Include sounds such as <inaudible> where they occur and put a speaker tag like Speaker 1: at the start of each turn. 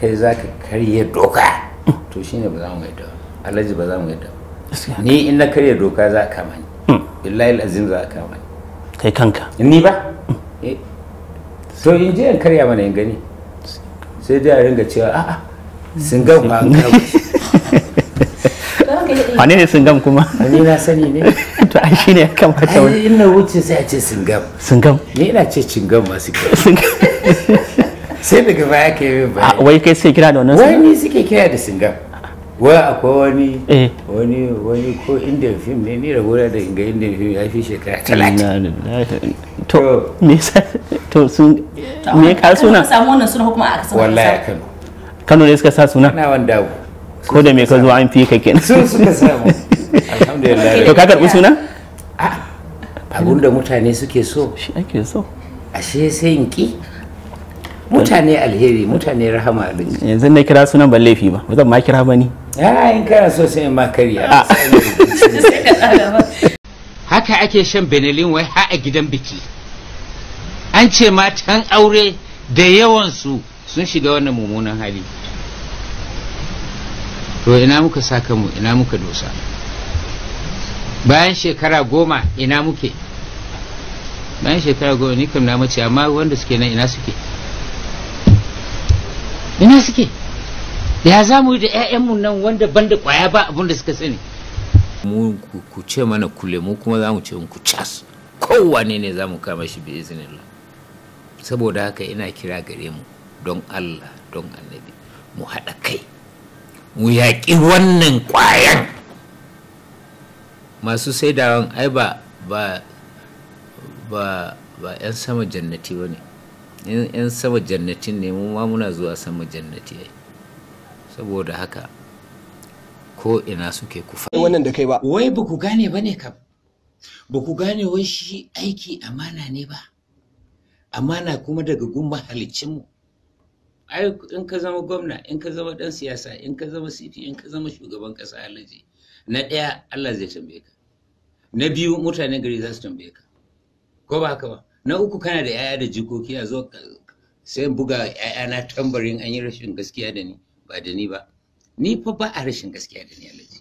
Speaker 1: kai za ka karya doka to shine ba za mu yadda alhaji ba za mu yadda ni in na karya doka za a kama ni hmm. billahi azim za a kama ni kai kanka ni ba hmm. eh. to in je in karya mana in gani sai dai a ringa cewa a'a sun ga ba an <laughs> wane ne singam kuma wani na sani ne <laughs> to ai shine ya kamata wani ina wuce sai a ce singam singam ni ina ce cingam masu kyau <laughs> sai daga baya ka yi ah, bayani wai kai suke kira da wannan singam wani suke kira da singa wai akwai wani eh. wani wani ko indian film ne ni rabona da inga indian film ya fi shekara talatin to me yasa to sun me ya suna samu wannan suna kuma a kasa wallahi kano kano ne suka sa suna na wanda ko da me ka zo an fi ka kenan sun suka samu alhamdulillah to ka karbi suna ah, abun da mutane suke so shi ake so ashe sai in ki mutane alheri mutane rahama a yanzu na kira sunan ban laifi ba ba zan ma kira ba ni in kana so sai ma karya ah. <laughs> haka ake shan benelin wai ha a gidan biki an ce matan aure da yawansu sun shiga wannan mummunan hali to ina muka sa kanmu ina muka dosa bayan shekara goma ina muke bayan shekara goma ni kam na mace amma wanda suke nan ina suke ina suke da ya zamu yi da 'ya'yanmu nan wanda banda kwaya ba abin da suka sani mu ku ce mana kule mu kuma za mu ce ku cas kowane ne za mu kama shi bi izinillah saboda haka ina kira gare mu don allah don annabi mu haɗa kai mu yaƙi wannan kwayan masu saidawan ai ba ba ba 'yan sama jannati ba ne yan sama jannatin ne mu ma muna zuwa sama jannati saboda haka ko ina suke kufa wannan da kai ba wai ba ku gane ba ne kam ba ku gane wai shi aiki amana ne ba amana kuma daga gun mu? ai in ka zama gwamna in ka zama dan siyasa in ka zama CP in ka zama shugaban kasa alaji na ɗaya Allah zai tambaye ka na biyu mutane gari za su tambaye ka ko ba haka ba na uku kana da 'ya'ya da jikoki a zo sai buga 'ya'ya na tambarin an yi rashin gaskiya da ni ba da ni ba ni fa ba a rashin gaskiya da ni alhaji